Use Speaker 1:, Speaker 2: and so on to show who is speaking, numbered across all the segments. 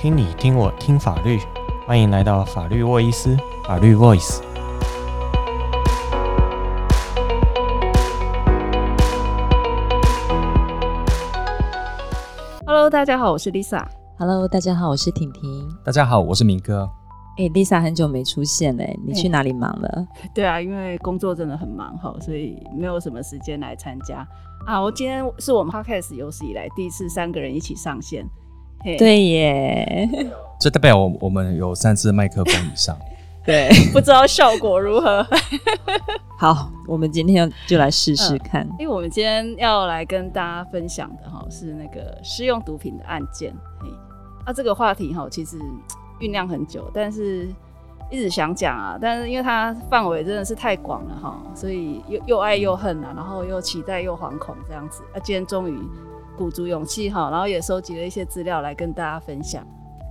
Speaker 1: 聽你聽我聽法律，歡迎來到法律沃伊絲，法律 Voice。
Speaker 2: Hello，大家好，我是 Lisa。Hello，大家好，我是婷婷。
Speaker 1: 大家好，我是明哥。哎、
Speaker 2: hey，Lisa 很久沒出現嘞，你去哪裡忙了？Hey.
Speaker 3: 對啊，因為工作真的很忙哈，所以沒有什麼時間來參加。啊，我今天是我們 Podcast 有史以來第一次三個人一起上線。Hey，對耶，
Speaker 1: 所以代表我我們有三支麥克風以上，
Speaker 3: 對， 不知道效果如何。
Speaker 1: 好，我
Speaker 2: 們今天就來試
Speaker 3: 試看。嗯，因為我們今天要來跟大家分享的哈，是那個施用毒品的案件。那、嗯啊、這個話題哈其實醞釀很久，但是一直想講啊，但是因為它範圍真的是太廣了哈，所以又又愛又恨啊，然後又期待又惶恐這樣子啊，今天終於。鼓足勇氣哈，然後也收集了一些資料來跟大家分享。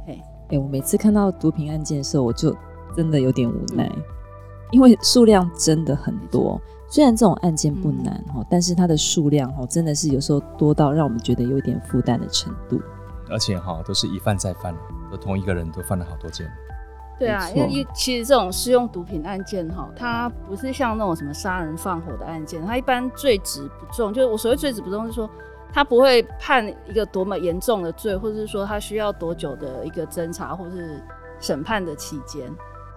Speaker 3: 哎、
Speaker 2: 欸、我每次看到毒品案件的時候，我就真的有點無奈，嗯、因為數量真的很多。雖然這種案件不難哈，但是它的數量哈，嗯、真的是有時候多到讓我們覺得有點負擔的程度。
Speaker 1: 而且哈，都是一犯再犯，都同一個人都犯了好多件。
Speaker 3: 對啊，沒錯。因為其實這種施用毒品案件哈，它不是像那種什麼殺人放火的案件，它一般罪責不重。就是我所謂罪責不重，是說。他不會判一個多麼嚴重的罪，或者是說他需要多久的一個偵查或是審判的期間，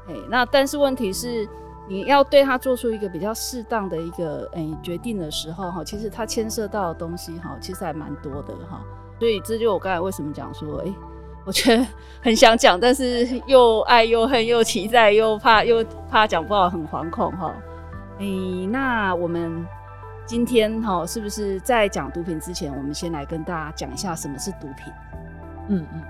Speaker 3: 誒、欸，那但是問題是，你要對他做出一個比較適當的一個誒、欸、決定的時候，哈，其實他牽涉到的東西，哈，其實還蠻多的，哈，所以這就我剛才為什麼講說，誒、欸，我覺得很想講，但是又愛又恨又期待又怕又怕講不好，很惶恐，哈、喔，誒、欸，那我們。今天哈，是不是，在講毒品之前，我們先來跟大家講一下什麼是毒品？嗯
Speaker 2: 嗯，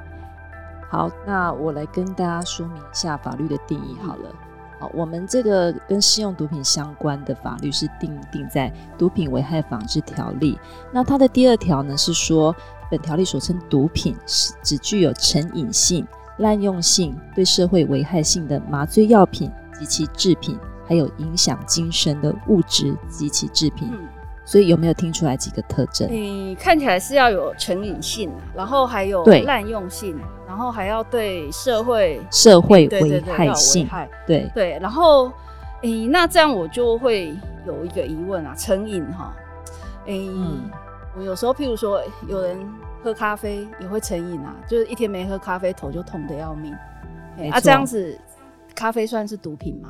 Speaker 2: 好，那我來跟大家說明一下法律的定義好了。嗯、好，我們這個跟施用毒品相關的法律是定定在《毒品危害防制條例》，那它的第二條呢是說，本條例所稱毒品是指具有成癮性、濫用性、對社會危害性的麻醉藥品及其制品。還有影響精神的物質及其製品，嗯、所以有沒有聽出來幾個特徵？你、
Speaker 3: 嗯、看起來是要有成癮性、啊，然後還有濫用性，對然後還要對社會社會危害性。對對，對，對，對，然後、欸、那這樣我就會有一個疑問啊，成癮哈，欸嗯、我有時候譬如說有人喝咖啡也會成癮啊，就是一天沒喝咖啡頭就痛得要命，欸、錯啊，這樣子咖啡算是毒品嗎？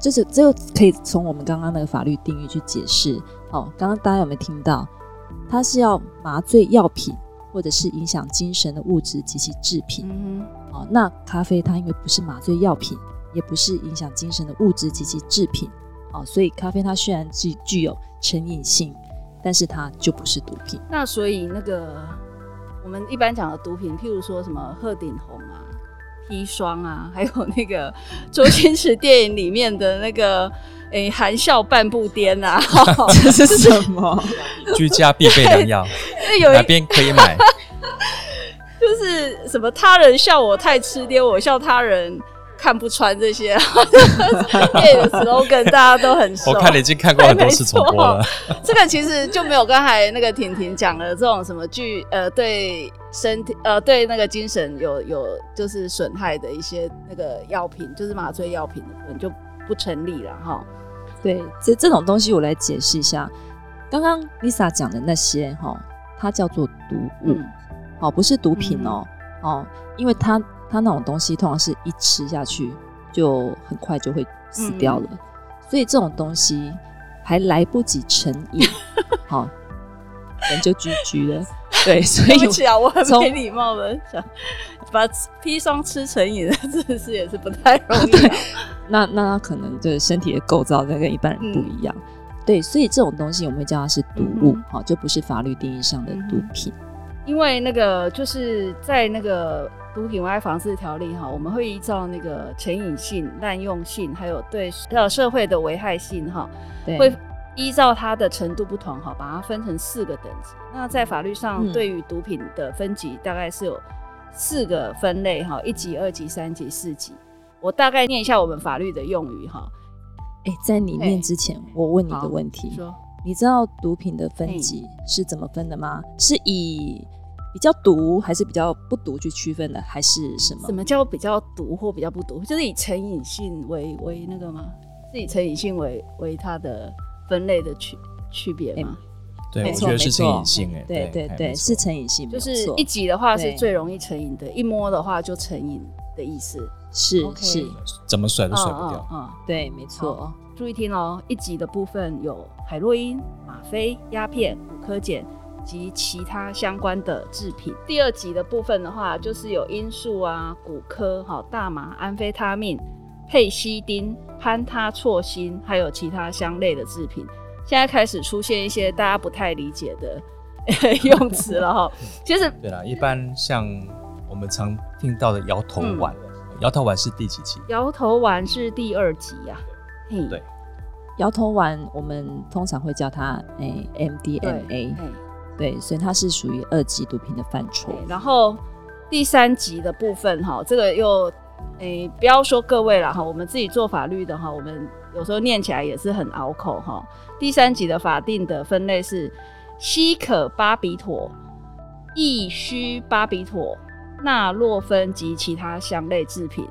Speaker 2: 就是這個可以從我們剛剛那個法律定義去解釋。哦，剛剛大家有沒有聽到？它是要麻醉藥品，或者是影響精神的物質及其制品。嗯哼。哦，那咖啡它因為不是麻醉藥品，也不是影響精神的物質及其制品，哦，所以咖啡它雖然具具有成癮性，但是它就不是毒品。
Speaker 3: 那所以那個我們一般講的毒品，譬如說什麼鶴頂紅啊。砒霜啊，還有那個周星馳電影裡面的那個誒、 欸，含笑半步癲啊， 這是什麼？ 居
Speaker 1: 家必備良藥。哪邊可以買？
Speaker 3: 就是什麼他人笑我太痴癲，我笑他人。看不穿。這些，這個 slogan 大家都很熟。 我看你已經看過很多次重播了。沒 這個其實就沒有剛才那個婷婷講的這種什麼劇，呃，對身體，呃，對那個精神有有就是損害的一些那個藥品，就是麻醉藥品，就不成立了哈。
Speaker 2: 對，這這種東西我來解釋一下。剛剛 Lisa 講的那些哈，它叫做毒物，哦，不是毒品哦，哦，因為它。它那種東西通常是一吃下去就很快就會死掉了，嗯、所以這種東西還來不及成癮， 好，人就 GG 了。 對，所以我從起啊，
Speaker 3: 我很沒禮貌的從想把砒霜吃成癮，這是也是不太容易，啊。對，
Speaker 2: 那那他可能就是身體的構造在跟一般人不一樣。嗯、對，所以這種東西我們會叫它是毒物，哈、嗯，就不是法律定義上的毒品。嗯嗯
Speaker 3: 因為那個就是在那個毒品危害防治條例哈，我們會依照那個成癮性、濫用性，還有對社會的危害性哈，對會依照它的程度不同哈，把它分成四個等級。那在法律上對於毒品的分級大概是有四個分類哈，嗯、一級、二級、三級、四級。我大概念一下我們法律的用語哈、
Speaker 2: 欸。在你念之前，欸、我問你一個問題。你知道毒品的分級是怎麼分的嗎？嗯、是以比較毒還是比較不毒去區分的，還是
Speaker 3: 什麼？什麼叫比較毒或比較不毒？就是以成癮性為為那個嗎？是以成癮性為為它的分類的區區別嗎？欸、
Speaker 2: 對，沒錯，我覺得是成癮性、
Speaker 1: 欸。哎、欸，對對對，是成癮性，就是一
Speaker 3: 級的話是最容易成癮的，對，一摸的話就成癮。的意思是 Okay. 是，
Speaker 1: 怎麼甩都甩不掉嗯、哦
Speaker 3: 哦哦，對，沒錯，注意聽哦。一級的部分有海洛因、嗎啡、鴉片、古柯鹼及其他相關的制品。第二級的部分的話，就是有罌粟啊、古柯。哈、哦、大麻、安非他命、配西汀、潘他唑新，還有其他相類的制品。現在開始出現一些大家不太理解的用詞了哈。其實、 就是，
Speaker 1: 對了，一般像。我們常聽到的搖頭丸，搖、嗯、頭丸是第幾集？
Speaker 3: 搖頭丸是第二級呀、啊。對嘿，
Speaker 1: 對，
Speaker 2: 搖頭丸我們通常會叫它誒，MDMA。對，所以它是屬於二級毒品的範疇。
Speaker 3: 然後第三級的部分哈，這個又誒、欸，不要說各位了哈，我們自己做法律的哈，我們有時候念起來也是很拗口哈。第三級的法定的分類是西可巴比妥、一須巴比妥。納洛芬及其他相類製品，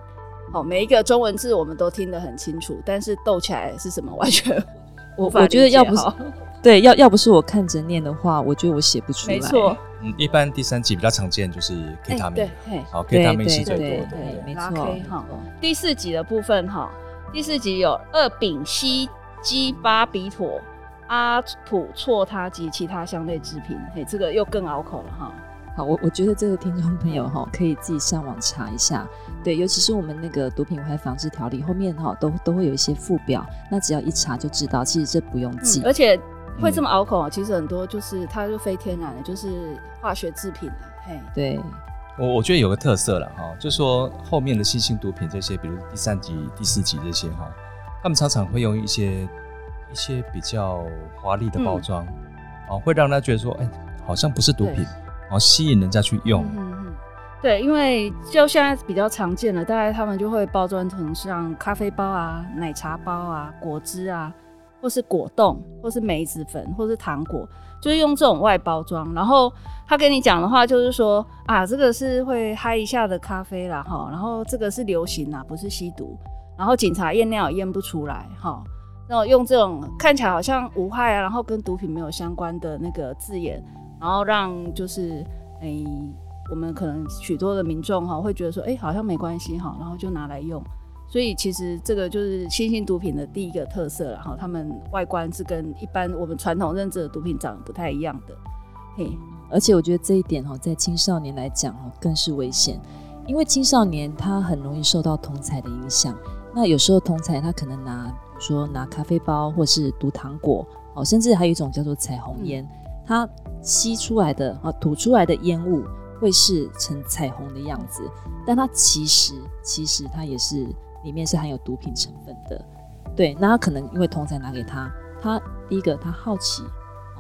Speaker 3: 好、哦，每一個中文字我們都聽得很清楚，但是讀起來是什麼，完全無法。我覺得要不是
Speaker 2: 對，要要不是我看着念的話，我覺得我
Speaker 1: 寫不出來。沒錯錯，嗯，一般第三集比較常見就是克他命、欸、對、欸、好，克他命是最
Speaker 3: 多的，沒錯哈。第四集的部分哈，第四集有二丙烯基巴比妥、阿普唑他及其他相類製品，嘿，這個又更拗口了哈。
Speaker 2: 我我覺得這個聽眾朋友哈、喔，可以自己上網查一下。對，尤其是我們那個毒品危害防制條例後面哈、喔，都都會有一些附表，那只要一查就知道。其實這不用
Speaker 3: 記，嗯、而且會這麼拗口其實很多就是它就非天然的，就是化學製品了。嘿，
Speaker 2: 對，
Speaker 1: 我我覺得有個特色了哈、喔，就是、說後面的新興毒品這些，比如第三級、第四級這些哈、喔，他們常常會用一些一些比較華麗的包裝啊、嗯喔，會讓他覺得說，哎、欸，好像不是毒品。哦，吸引人家去用嗯
Speaker 3: 嗯，對，因為就現在比較常見了，大概他們就會包裝成像咖啡包啊、奶茶包啊、果汁啊，或是果凍，或是梅子粉，或是糖果，就是用這種外包裝。然後他跟你講的話，就是說啊，這個是會嗨一下的咖啡啦，哈，然後這個是流行啦，不是吸毒，然後警察驗尿驗不出來，哈，然後用這種看起來好像無害啊，然後跟毒品沒有相關的那個字眼，然後讓就是哎，我們可能許多的民眾哈，會覺得說哎，好像沒關係哈，然後就拿來用。所以其實這個就是新興毒品的第一個特色，然後他們外觀是跟一般我們傳統認知的毒品長得不太一樣的。
Speaker 2: 嘿，而且我覺得這一點哈，在青少年來講哈，更是危險，因為青少年他很容易受到同儕的影響。那有時候同儕他可能拿，比如說拿咖啡包或是毒糖果，哦，甚至還有一種叫做彩虹煙。嗯它吸出來的啊，吐出來的煙霧會是呈彩虹的樣子，但它其實其實它也是裡面是含有毒品成分的，對。那他可能因為同儕拿給他，他第一個他好奇，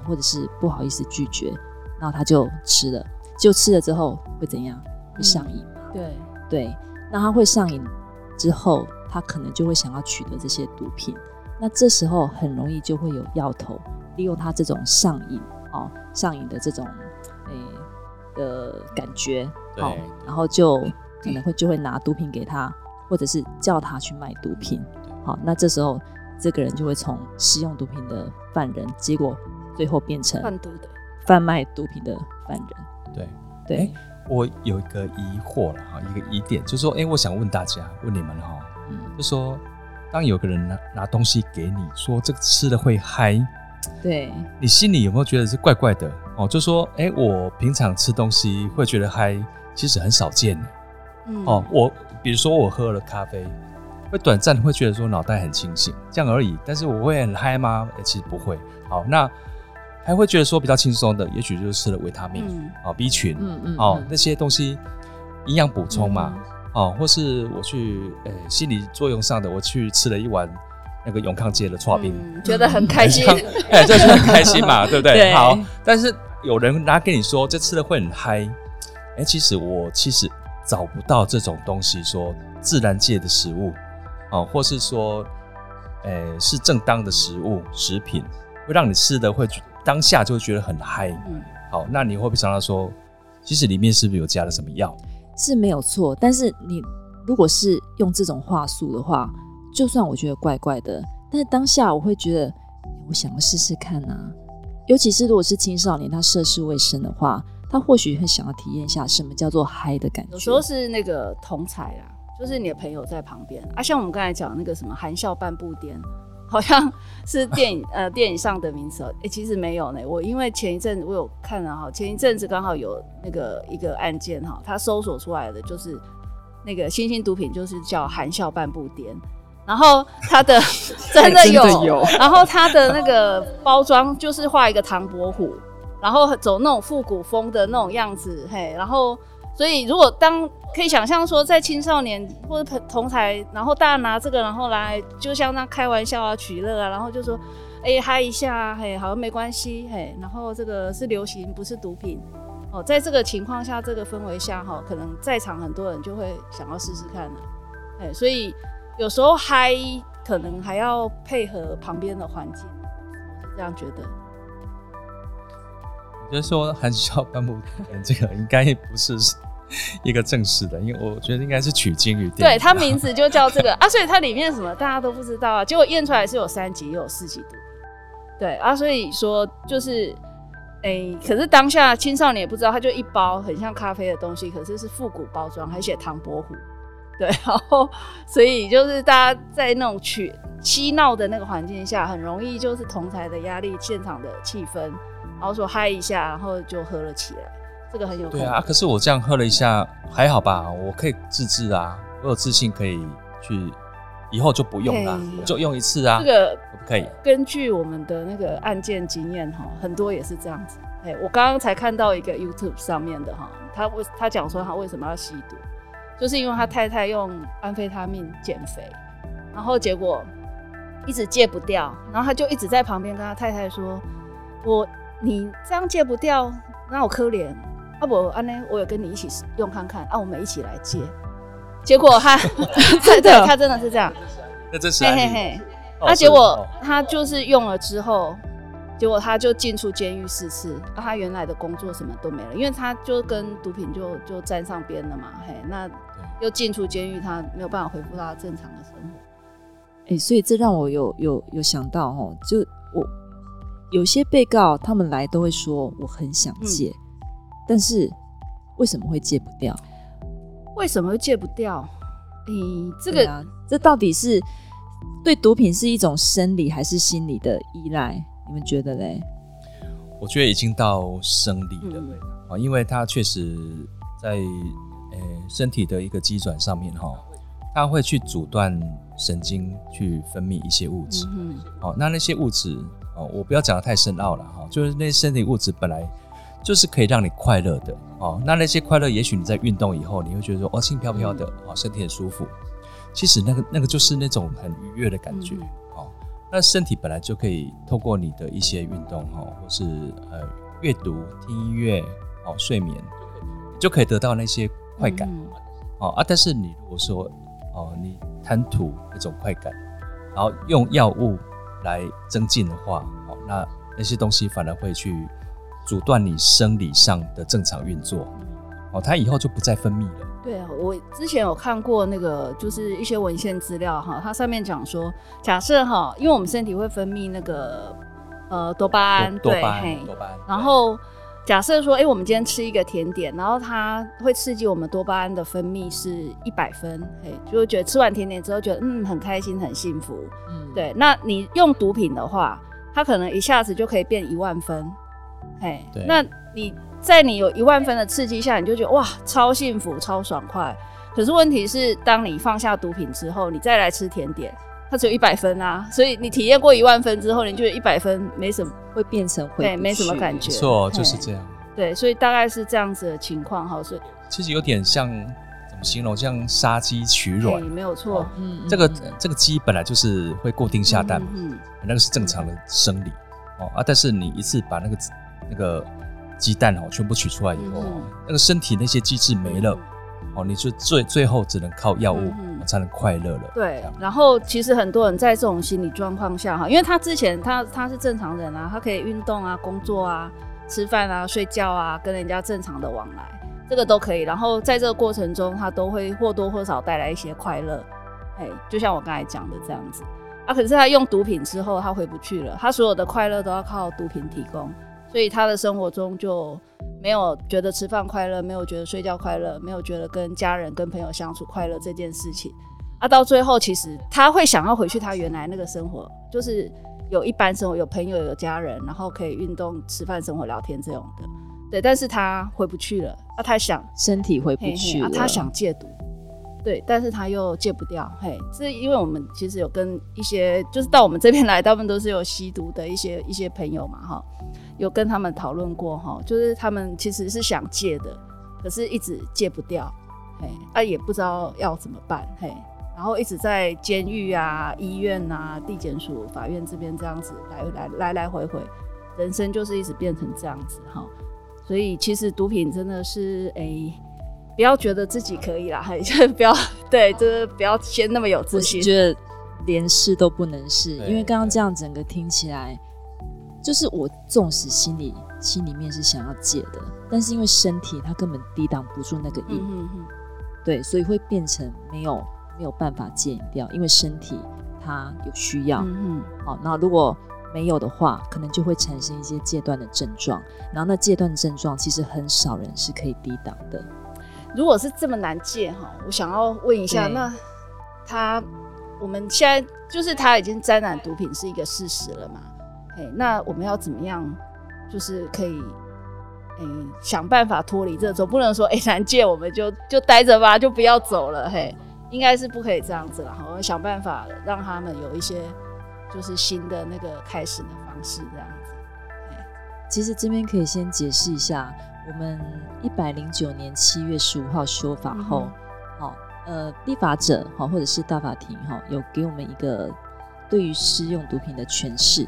Speaker 2: 或者是不好意思拒絕，然後他就吃了，就吃了之後會怎樣？會上癮。嗯、對對。那他會上癮之後，他可能就會想要取得這些毒品，那這時候很容易就會有藥頭利用他這種上癮。哦，上癮的這種誒、欸、的感覺，好對、哦，然後就可能會就會拿毒品給他，嗯、或者是叫他去賣毒品。好、嗯嗯哦，那這時候這個人就會從施用毒品的犯人，結果最後變成販毒的，販賣毒品的犯人。
Speaker 1: 對對、欸，我有一個疑惑了哈，一個疑點，就是、說，哎、欸，我想問大家，問你們哈，嗯，就說，當有個人拿拿東西給你說，說這個吃的會嗨。對，你心裡有沒有覺得是怪怪的哦？就說哎、欸，我平常吃東西會覺得嗨，其實很少見的。嗯哦，我比如說我喝了咖啡，會短暫會覺得說腦袋很清醒，這樣而已。但是我會很嗨嗎？哎、欸，其實不會。好，那還會覺得說比較輕鬆的，也許就是吃了維他命、嗯、哦 B 群，嗯，嗯嗯，哦那些東西營養補充嘛，嗯嗯哦，或是我去誒、欸、心理作用上的，我去吃了一碗。那個永康街的剉冰，嗯，覺得很開心，哎，就是很開心嘛， 對不對？對好，但是有人拿跟你說這吃的會很嗨，哎，其實我其實找不到這種東西說，說自然界的食物，哦、啊，或是說、欸，是正當的食物食品，會讓你吃的會當下就會覺得很嗨、嗯。好，那你會，不會想到說，其實裡面是不是有加了什麼藥？
Speaker 2: 是沒有錯，但是你如果是用這種話術的話。就算我覺得怪怪的，但是當下我會覺得，我想要試試看啊。尤其是如果是青少年，他涉世未深的話，他或許會想要體驗一下什麼叫做嗨的感覺。有
Speaker 3: 時候是那個同儕啦，就是你的朋友在旁邊啊。像我們剛才講那個什麼“含笑半步癲”，好像是電影 呃電影上的名詞、喔。哎、欸，其實沒有呢、欸。我因為前一陣子我有看了哈，前一陣子剛好有那個一個案件哈，他搜索出來的就是那個新興毒品，就是叫“含笑半步癲”。然後它的真的有，然後它的那個包裝就是畫一個唐伯虎，然後走那種復古風的那種樣子，嘿，然後所以如果當可以想象說，在青少年或者同台，然後大家拿這個然後來，就像那開玩笑啊、取樂啊，然後就說，哎嗨一下、啊，嘿，好像沒關係，嘿，然後這個是流行，不是毒品，哦，在這個情況下、這個氛圍下，哈，可能在場很多人就會想要試試看了，誒，所以。有時候嗨，可能還要配合旁邊的環境，這樣覺得。
Speaker 1: 我覺得說含笑半步癲這個應該不是一個正式的，因為我覺得應該是取經於。對，它名
Speaker 3: 字就叫這個 啊，所以它裡面什麼大家都不知道啊，結果驗出來是有三級也有四級毒。對啊，所以說就是，哎、欸，可是當下青少年也不知道，他就一包很像咖啡的東西，可是是復古包裝，還寫唐伯虎。對，然後所以就是大家在那種群嬉鬧的那個環境下，很容易就是同儕的壓力、現場的氣氛，然後說嗨一下，然後就喝了起來。這個很有，對啊，
Speaker 1: 可是我這樣喝了一下，對還好吧？我可以自制啊，我有自信可以去，以後就不用啦，hey, 就用一次啊，這個可不可以？
Speaker 3: Okay 根據我們的那個案件經驗哈，很多也是這樣子。哎、hey,，我剛剛才看到一個 YouTube 上面的哈，他為他講說他為什麼要吸毒。就是因為他太太用安非他命減肥，然後結果一直戒不掉，然後他就一直在旁邊跟他太太說：“我你這樣戒不掉，那我可憐啊！不，安呢，我有跟你一起用看看啊，我們一起來戒。”結果他，對 的 他真的是這樣，
Speaker 1: 那真是。嘿嘿嘿，結果
Speaker 3: 他就是用了之後，結果他就進出監獄四次，然、啊、他原來的工作什麼都沒了，因為他就跟毒品就就沾上邊了嘛。嘿，那。又進出監獄，他沒有辦法回復到他正常的生活。
Speaker 2: 哎、欸，所以這讓我有有有想到哦，就我有些被告他們來都會說，我很想戒，嗯、但是為什麼會戒不掉？
Speaker 3: 為什麼會戒不掉？哎、欸，這個、啊、
Speaker 2: 這到底是對毒品是一種生理還是心理的依賴？你們覺得嘞？
Speaker 1: 我覺得已經到生理了啊，嗯、因為他確實在。呃，身體的一個機轉上面哈，它會去阻斷神經去分泌一些物質。嗯。好，那那些物質哦，我不要講得太深奧了哈。就是那些身體物質本來就是可以讓你快樂的。哦，那那些快樂，也許你在運動以後，你會覺得說，哦，輕飄飄的，哦，身體很舒服。其實那個那個就是那種很愉悅的感覺。哦，那身體本來就可以透過你的一些運動哈，或是呃閱讀、聽音樂、哦睡眠，就可以得到那些。快感，哦、嗯嗯、啊！但是你如果說，哦，你貪圖那種快感，然後用藥物來增進的話，哦，那那些東西反而會去阻斷你生理上的正常運作，哦，它以後就不再分泌了。
Speaker 3: 對啊，我之前有看過那個，就是一些文獻資料哈，它上面講說，假設哈，因為我們身體會分泌那個呃多巴胺，對，多巴胺，然後。假設說，哎、欸，我們今天吃一個甜點，然後它會刺激我們多巴胺的分泌是一百分，哎，就會覺得吃完甜點之後覺得，嗯，很開心，很幸福。嗯，對。那你用毒品的話，它可能一下子就可以變一萬分，哎，對。對。那你在你有一萬分的刺激下，你就覺得哇，超幸福，超爽快。可是問題是，當你放下毒品之後，你再來吃甜點。它只有一百分啊，所以你體驗過一萬分之後，你就一百分沒什麼會變成，對，沒什麼感覺。沒錯，就是這樣。對，所以大概是這樣子的情況哈。所以
Speaker 1: 其實有點像怎麼形容？像殺雞取卵，對、
Speaker 3: 沒有錯。嗯，這個
Speaker 1: 這個雞本來就是會固定下蛋嘛，嗯，那個是正常的生理哦啊。但是你一次把那個那個雞蛋哦全部取出來以後，那個身體那些機制沒了。嗯嗯嗯嗯嗯哦，你是最最後只能靠藥物、嗯、哼才能快樂了。
Speaker 3: 對，然後其實很多人在這種心理狀況下哈，因為他之前他他是正常人啊，他可以運動啊、工作啊、吃飯啊、睡覺啊、跟人家正常的往來，這個都可以。然後在這個過程中，他都會或多或少帶來一些快樂。誒、欸，就像我剛才講的這樣子啊，可是他用毒品之後，他回不去了，他所有的快樂都要靠毒品提供。所以他的生活中就沒有覺得吃飯快樂，沒有覺得睡覺快樂，沒有覺得跟家人、跟朋友相處快樂這件事情。啊，到最後其實他會想要回去他原來那個生活，就是有一般生活，有朋友、有家人，然後可以運動、吃飯、生活、聊天這種的。對，但是他回不去了。那、啊、他想
Speaker 2: 身體回不去了，嘿嘿啊、他想戒
Speaker 3: 毒。對，但是他又戒不掉，嘿，是因為我們其實有跟一些就是到我們這邊來，大部分都是有吸毒的一些一些朋友嘛，哈，有跟他們討論過，哈，就是他們其實是想戒的，可是一直戒不掉，嘿，啊也不知道要怎麼辦，嘿，然後一直在監獄啊、醫院啊、地檢署、法院這邊這樣子來來來來回回，人生就是一直變成這樣子，哈，所以其實毒品真的是哎。欸不要覺得自己可以啦，還是不要對，就是不要先那麼有自信。我
Speaker 2: 覺得連試都不能試，對因為剛剛這樣整個聽起來，對對對，就是我縱使心裡心裡面是想要戒的，但是因為身體它根本抵擋不住那個癮，嗯、哼哼對，所以會變成沒有沒有辦法戒掉，因為身體它有需要。嗯好、嗯，那、喔、如果沒有的話，可能就會產生一些戒斷的症狀。然後那戒斷的症狀，其實很少人是可以抵擋的。
Speaker 3: 如果是這麼難戒哈，我想要問一下，對那他我們現在就是他已經沾染毒品是一個事實了嘛？嘿、欸，那我們要怎麼樣，就是可以誒、欸、想辦法脫離這種？不能說誒、欸、難戒我們就就待着吧，就不要走了。嘿、欸，應該是不可以這樣子了。我們要想辦法讓他們有一些就是新的那個開始的方式這樣子。欸、
Speaker 2: 其實這邊可以先解釋一下。我們一百零九年七月十五號修法後，好、嗯哼哦，呃，立法者哈，或者是大法庭哈、哦，有給我們一個對於施用毒品的詮釋，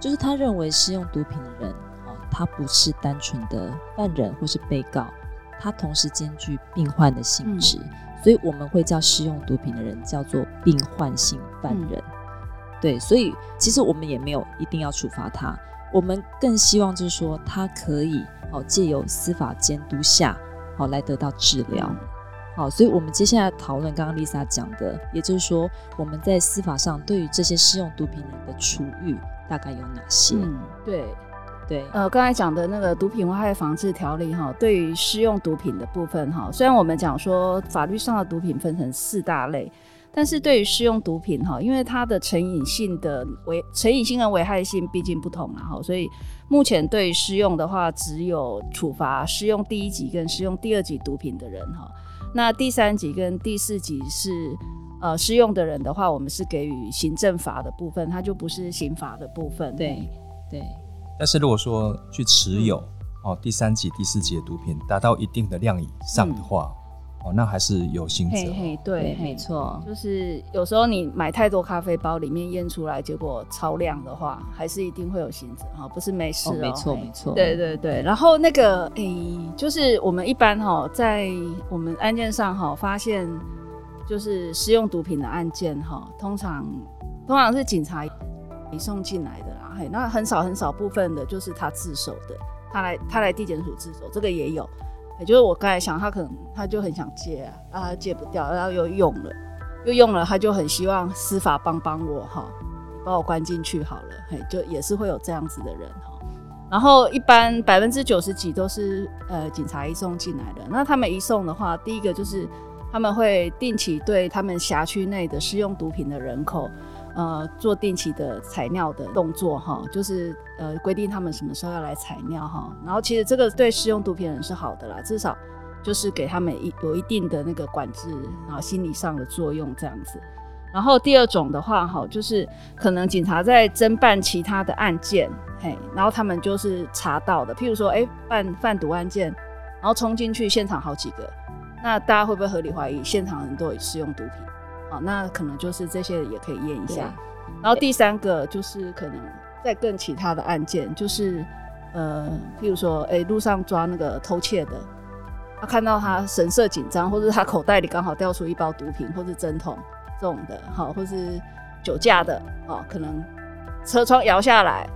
Speaker 2: 就是他認為施用毒品的人，哦，他不是單純的犯人或是被告，他同時兼具病患的性質，嗯、所以我們會叫施用毒品的人叫做病患性犯人，嗯、對，所以其實我們也沒有一定要處罰他。我們更希望就是說，他可以好借由司法監督下好來得到治療，好，所以我們接下來討論剛剛 Lisa 講的，也就是說，我們在司法上對於這些施用毒品人的
Speaker 3: 處遇大概有哪些？嗯，對，對，呃，剛才講的那個毒品危害防制條例哈，對於施用毒品的部分哈，雖然我們講說法律上的毒品分成四大類。但是對於施用毒品哈，因為它的成癮性的危成癮性跟危害性畢竟不同啦哈，所以目前對於施用的話，只有處罰施用第一級跟施用第二級毒品的人哈。那第三級跟第四級是呃施用的人的話，我們是給予行政罰的部分，它就不是刑罰的部分。對對。對
Speaker 1: 但是如果說去持有哦第三級第四級的毒品達到一定的量以上的話。嗯哦，那還是有刑責。嘿
Speaker 3: ，hey, hey, 對，對沒錯錯，就是有時候你買太多咖啡包，裡面驗出來結果超量的話，還是一定會有刑責。哈，不是沒事哦。沒錯，哦，沒錯。Hey, 沒錯對，對，對。然後那個，哎、欸，就是我們一般哈，在我們案件上哈，發現就是施用毒品的案件哈，通常通常是警察移送進來的啦。嘿，那很少很少部分的就是他自首的，他來他來地檢署自首，這個也有。就是我剛才想，他可能他就很想戒啊，但、啊、他戒不掉，然、啊、後又用了，又用了，他就很希望司法幫幫我哈、喔，把我關進去好了，嘿、欸，就也是會有這樣子的人哈、喔。然後一般百分之九十幾都是呃警察移送進來的，那他們移送的話，第一個就是他們會定期對他們轄區內的使用毒品的人口，呃，做定期的採尿的動作哈，就是呃規定他們什麼時候要來採尿哈。然後其實這個對施用毒品人是好的啦，至少就是給他們一有一定的那個管制，然後心理上的作用這樣子。然後第二種的話哈，就是可能警察在偵辦其他的案件，嘿，然後他們就是查到的，譬如說哎，犯販毒案件，然後衝進去現場好幾個，那大家會不會合理懷疑現場人都有施用毒品？哦、那可能就是這些也可以驗一下。啊、然後第三個就是可能再更其他的案件，就是呃，譬如說哎路上抓那個偷竊的，他看到他神色緊張，或者他口袋裡剛好掉出一包毒品或者針筒這種的，好、哦，或是酒駕的哦，可能車窗搖下來，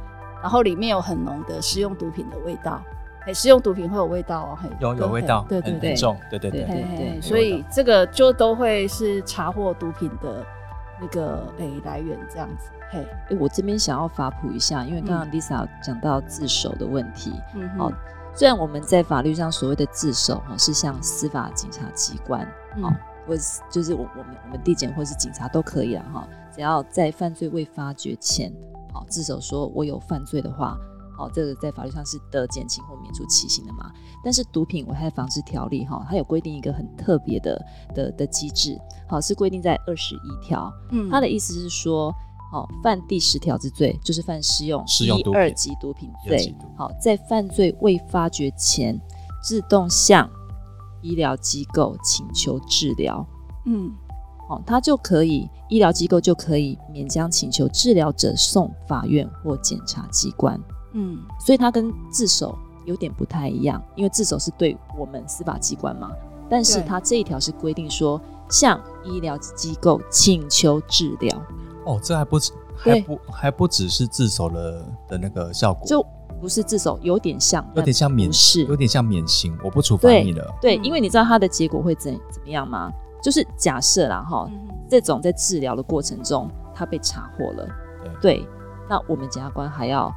Speaker 3: 然後裡面有很濃的施用毒品的味道。哎，使用毒品會有味道哦，有有味道，很很對對對，很重，對對對對。所以這個就都會是查獲毒品的那個誒來源這樣子。
Speaker 2: 嘿，哎、欸，我這邊想要法普一下，因為剛剛 Lisa 講到自首的問題。嗯，好、哦，嗯、哼雖然我們在法律上所謂的自首哈、哦，是向司法警察機關，嗯、哦，或是就是我我們我們地檢或是警察都可以啊，哈、哦，只要在犯罪未發覺前，好、哦、自首說我有犯罪的話。哦，這個在法律上是得減輕或免除其刑的嘛。但是毒品危害防制條例哈、哦，它有規定一個很特別的的的機制，好、哦、是規定在二十一條，嗯，它的意思是說，好、哦，犯第十條之罪就是犯施用二級毒品罪，品好，在犯罪未發覺前，自動向醫療機構請求治療，嗯，好、哦，它就可以醫療機構就可以免將請求治療者送法院或檢察機關。嗯，所以他跟自首有點不太一樣，因為自首是對我們司法機關嘛，但是他這一條是規定說，向醫療機構請求治療。
Speaker 1: 哦，這還不止，還不，對還，不還不只是自首了的那個效果，就
Speaker 2: 不是自首，有點像，有點像
Speaker 1: 免，是有點像免刑，我不處罰你了。對，
Speaker 2: 對嗯、因為你知道他的結果會怎怎麼樣嗎？就是假設啦哈，嗯、哼這種在治療的過程中他被查獲了，對，對，那我們檢察官還要。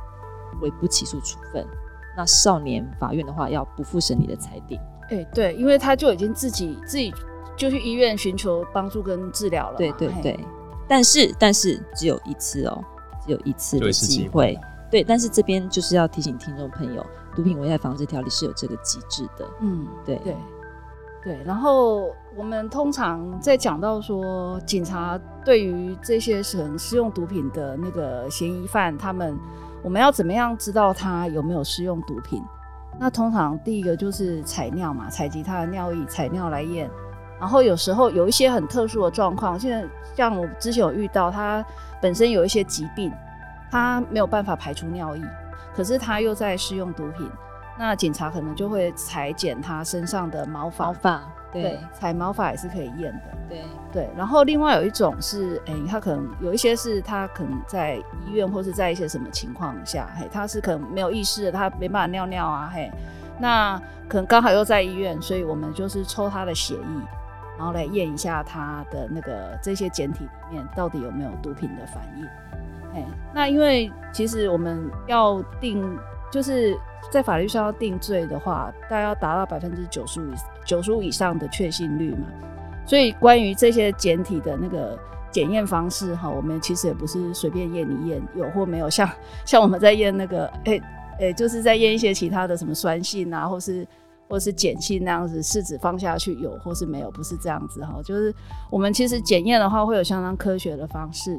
Speaker 2: 為不起訴處分，那少年法院的話要不付審理的裁定。
Speaker 3: 哎、欸，對，因為他就已經自己自己就去醫院尋求幫助跟治療了。對對
Speaker 2: 對，嘿但是但是只有一次哦、喔，只有一次的機會。對，但是這邊就是要提醒聽眾朋友，毒品危害防制條例是有這個機制的。嗯，對對
Speaker 3: 對。然後我們通常在講到說，警察對於這些人使用毒品的那個嫌疑犯，他們。我們要怎麼樣知道他有沒有施用毒品？那通常第一個就是採尿嘛，採集他的尿液，採尿來驗。然後有時候有一些很特殊的狀況，現在像我之前有遇到，他本身有一些疾病，他沒有辦法排出尿液，可是他又在施用毒品，那警察可能就會採檢他身上的毛髮。毛對，採對毛髮也是可以驗的。對對，然後另外有一種是，誒、欸，他可能有一些是他可能在醫院或是在一些什麼情況下，嘿，他是可能沒有意識的，他沒辦法尿尿啊，嘿，那可能剛好又在醫院，所以我們就是抽他的血液，然後來驗一下他的那個這些檢體裡面到底有沒有毒品的反應。哎，那因為其實我們要定就是在法律上要定罪的話，大概要達到百分之九十五以上。九十五以上的確信率嘛，所以關於這些檢體的那個檢驗方式哈，我們其實也不是隨便驗一驗有或沒有，像像我們在驗那個，誒誒，就是在驗一些其他的什麼酸性啊，或是或是鹼性那樣子，試紙放下去有或是沒有，不是這樣子哈，就是我們其實檢驗的話會有相當科學的方式。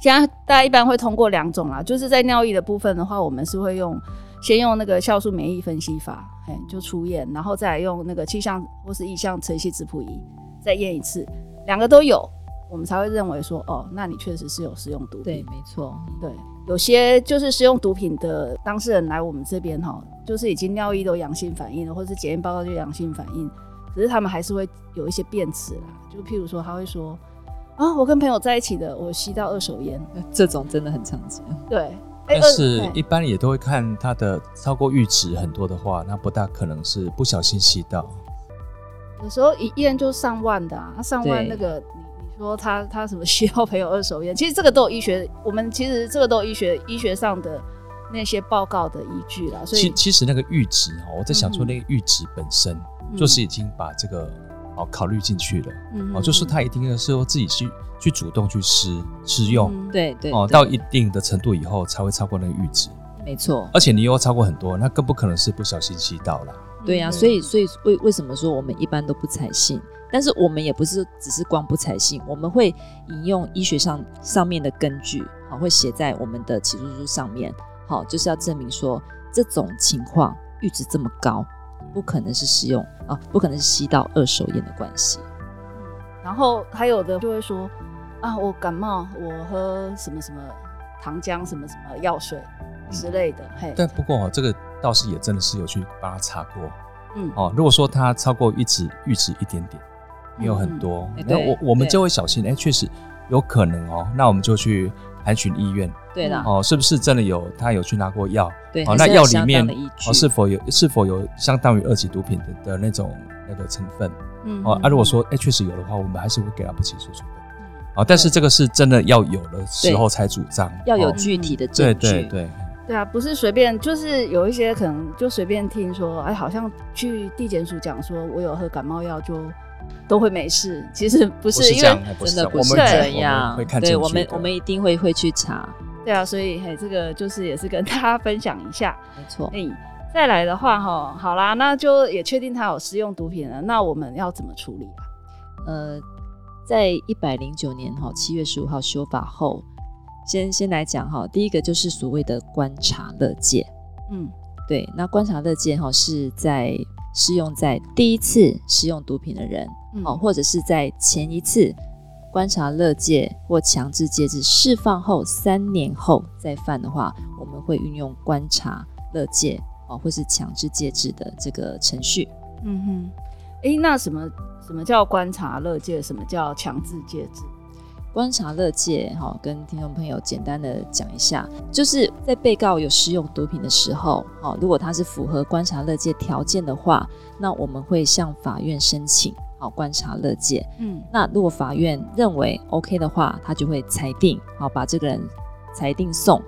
Speaker 3: 現在大家一般會通過兩種啦，就是在尿液的部分的話，我們是會用先用那個酵素免疫分析法。就初驗，然後再來用那個氣相或是液相層析質譜儀再驗一次，兩個都有，我們才會認為說，哦，那你確實是有使用毒品。對，沒錯。對，有些就是使用毒品的當事人來我們這邊哈，就是已經尿液都陽性反應了，或是檢驗報告就陽性反應，可是他們還是會有一些辯詞啦，就譬如說他會說，啊，我跟朋友在一起的，我吸到二手菸，這種真的很常見。對。但是一
Speaker 1: 般也都會看他的超過閾值很多的話，那不大可能是不小心吸到。
Speaker 3: 有時候一驗就上萬的、啊，上萬那個，你你對說他他什麼吸到朋友二手煙，其實這個都有醫學，我們其實這個都有醫學醫學上的那些報告的依據了。所以其
Speaker 1: 其實那個閾值哈，我在想說那個閾值本身就是已經把這個。哦，考慮進去了。嗯、哼哦，就是他一定要是說自己去去主動去施施用，對、嗯、對。對對哦，到一定的程度以後才會超過那個閾值，沒錯。而且你又超過很多，那更不可能是不小心吸到了。
Speaker 2: 對呀、啊對，所以所以為為什麼說我們一般都不採信？但是我們也不是只是光不採信，我們會引用醫學上上面的根據，啊，會寫在我們的起訴書上面。好、哦，就是要證明說這種情況閾值這麼高。不可能是施用啊，不可能是吸到二手菸的關係、嗯。
Speaker 3: 然後還有的就會說，啊，我感冒，我喝什麼什麼糖漿、什麼什麼藥水之類的。嗯、嘿，但
Speaker 1: 不過哦，對這個倒是也真的是有去幫他查過。嗯，哦，如果說他超過閾值，閾值一點點，沒有很多，那我、嗯嗯欸、我們就會小心。哎，確實有可能哦，那我們就去函詢醫院。對啦哦，是不是真的有他有去拿過藥？對，哦，那藥裡面哦是否有是否有相當於二級毒品的的那種那個成分？嗯，哦，啊，如果說哎確實有的話，我們還是會給他不起訴處分。嗯，啊，但是這個是真的要有的時候才主張，要有具體的證據。對對
Speaker 3: 對，對啊，不是隨便，就是有一些可能就隨便聽說，哎，好像去地檢署講說我有喝感冒藥就都會沒事，其實不是，因為真
Speaker 2: 的不是這樣。對，我們我
Speaker 3: 們一定會會去查。對啊，所以嘿，這個就是也是跟大家分享一下，沒錯。哎，再來的話哈，好啦，那就也確定他有施用毒品了，那我們要怎麼處理啊？呃，
Speaker 2: 在一百零九年哈七月十五號修法後，先先來講哈，第一個就是所謂的觀察勒戒，嗯，對，那觀察勒戒哈是在適用在第一次施用毒品的人，哦、嗯，或者是在前一次，觀察勒戒或強制戒治釋放後三年後再犯的話，我們會運用觀察勒戒哦，或是強制戒治的這個程序。
Speaker 3: 嗯哼，誒，那什麼什麼叫觀察勒戒？什麼
Speaker 2: 叫強制戒治？觀察勒戒，好，跟聽眾朋友簡單的講一下，就是在被告有施用毒品的時候，好，如果他是符合觀察勒戒條件的話，那我們會向法院申請。好，觀察勒戒。嗯，那如果法院認為 OK 的話，他就會裁定，好，把這個人裁定送，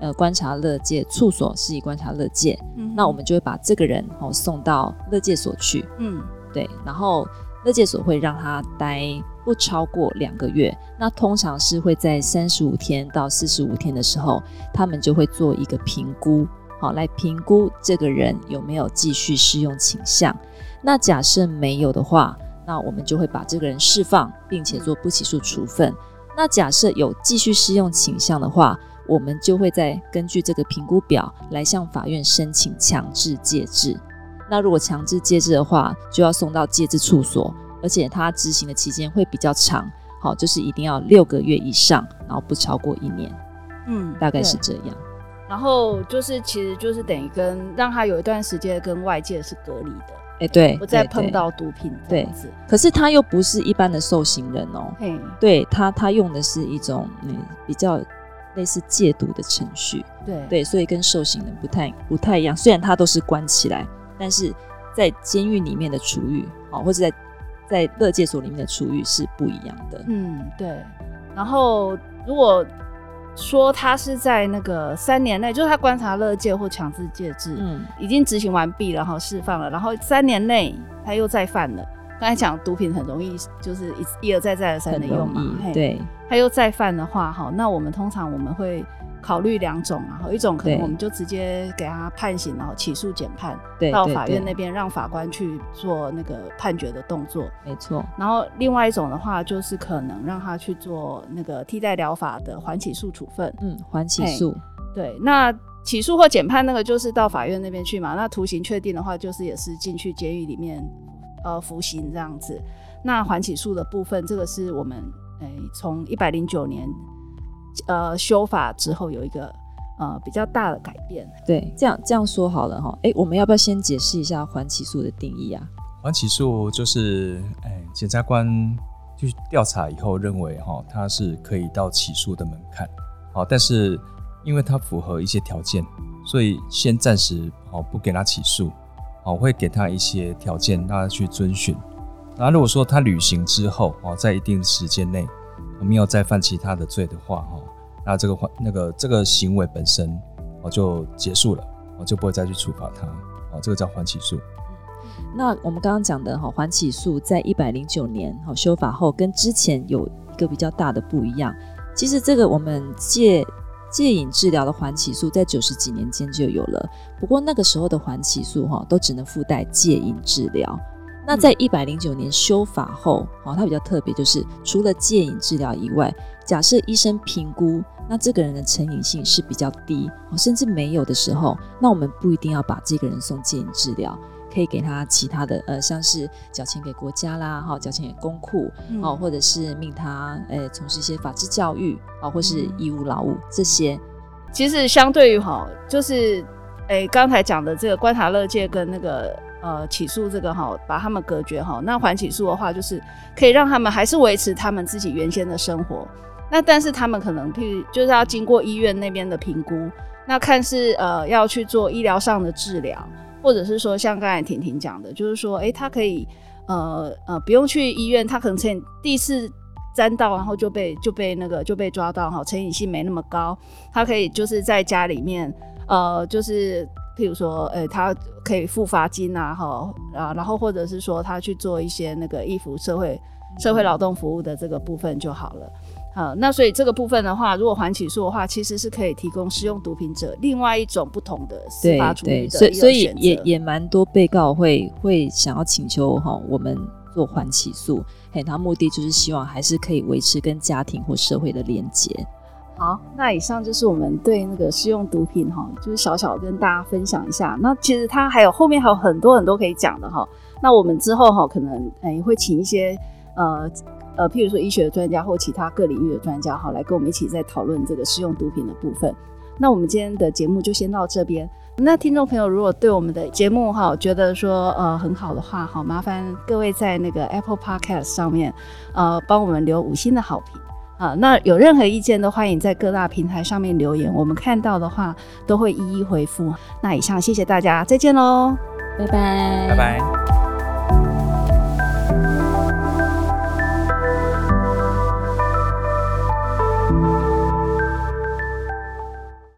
Speaker 2: 呃，觀察勒戒處所施以觀察勒戒。嗯哼，那我們就會把這個人哦送到勒戒所去。嗯，對。然後勒戒所會讓他待不超過兩個月，那通常是會在三十五天到四十五天的時候，他們就會做一個評估，好，來評估這個人有沒有繼續施用傾向。那假設沒有的話，那我們就會把這個人釋放，並且做不起訴處分。那假設有繼續施用傾向的話，我們就會再根據這個評估表來向法院申請強制戒治。那如果強制戒治的話，就要送到戒治處所，而且他執行的期間會比較長，好，就是一定要六個月以上，然後不超過一年，
Speaker 3: 嗯，大概是這樣。然後就是，其實就是等於跟讓他有一段時間跟外界是隔離的。哎、欸，對，不再碰到毒品對對對對。對，
Speaker 2: 可是他又不是一般的受刑人哦、喔。嘿對他，他用的是一種嗯比較類似戒毒的程序。對，對，所以跟受刑人不太不太一樣。雖然他都是關起來，但是在監獄裡面的處遇、喔，或者在在勒戒所裡面的處遇是不一樣的。嗯，
Speaker 3: 對。然後，如果說他是在那個三年內，就是他觀察勒戒或強制戒治，嗯，已經執行完畢了，然後釋放了，然後三年內他又再犯了。剛才講毒品很容易，就是一一而再再而三的用嘛，嘿對。他又再犯的話，哈，那我們通常我們會。考慮兩種，啊，然後一種可能我們就直接給他判刑，對然後起訴、減判，對到法院那邊讓法官去做那個判決的動作。沒錯。然後另外一種的話，就是可能讓他去做那個替代療法的緩起訴處分。嗯，緩起訴、哎。對，那起訴或減判那個就是到法院那邊去嘛。那徒刑確定的話，就是也是進去監獄裡面呃服刑這樣子。那緩起訴的部分，這個是我們誒從一百零九年。呃，修法之後有一個呃比較大的改變，
Speaker 2: 對，這樣這樣說好了哈。哎、欸，我們要不要先解釋一下緩起訴的定義啊？
Speaker 1: 緩起訴就是，哎、欸，檢察官去調查以後認為哈、哦，他是可以到起訴的門檻，好、哦，但是因為他符合一些條件，所以先暫時哦不給他起訴，我、哦、會給他一些條件讓他去遵循。那如果說他履行之後哦，在一定時間內。我沒有再犯其他的罪的話，哈，那這個緩、那個這個行為本身，我就結束了，我就不會再去處罰他，哦，這個叫緩起訴。
Speaker 2: 那我們剛剛講的哈，緩起訴在一百零九年哈修法後，跟之前有一個比較大的不一樣。其實這個我們戒戒癮治療的緩起訴，在九十幾年間就有了，不過那個時候的緩起訴哈，都只能附帶戒癮治療。那在一百零九年修法後，它、哦、比較特別，就是除了戒癮治療以外，假設醫生評估那這個人的成癮性是比較低、哦，甚至沒有的時候，那我們不一定要把這個人送戒癮治療，可以給他其他的，呃，像是繳錢給國家啦，哈、哦，繳錢給公庫，嗯、哦，或者是命他，哎、呃，從事一些法治教育，哦，或是義務勞務這些。
Speaker 3: 其實相對於哈，就是，剛、欸、才講的這個觀察勒戒跟那個。呃，起訴這個哈，把他們隔絕哈。那緩起訴的話，就是可以讓他們還是維持他們自己原先的生活。那但是他們可能，譬如就是要經過醫院那邊的評估，那看是呃要去做醫療上的治療，或者是說像剛才婷婷講的，就是說，哎、欸，他可以呃呃不用去醫院，他可能前第一次沾到，然後就被就被那個就被抓到哈，成癮性沒那麼高，他可以就是在家裡面呃就是。譬如說，誒、欸，他可以付罰金啊，哈、啊，然後，然後，或者是說，他去做一些那個義務社會社會勞動服務的這個部分就好了，啊，那所以這個部分的話，如果緩起訴的話，其實是可以提供使用毒品者另外一種不同的司法處理的對對對，所以，所以也也
Speaker 2: 蠻多被告會會想要請求哈，我們做緩起訴，嘿，他目的就是希望還是可以維持跟家庭或社會的連接。
Speaker 3: 好，那以上就是我們對那個施用毒品哈，就是小小跟大家分享一下。那其實它還有後面還有很多很多可以講的哈。那我們之後哈可能也會請一些呃呃，譬如說醫學的專家或其他各領域的專家哈，來跟我們一起再討論這個施用毒品的部分。那我們今天的節目就先到這邊。那聽眾朋友如果對我們的節目哈覺得說呃很好的話，好麻煩各位在那個 Apple Podcast 上面呃幫我們留五星的好評。啊，那有任何意見都歡迎在各大平台上面留言，我們看到的話都會一一回復。那以上，謝謝大家，再見嘍，bye bye 拜拜，拜拜。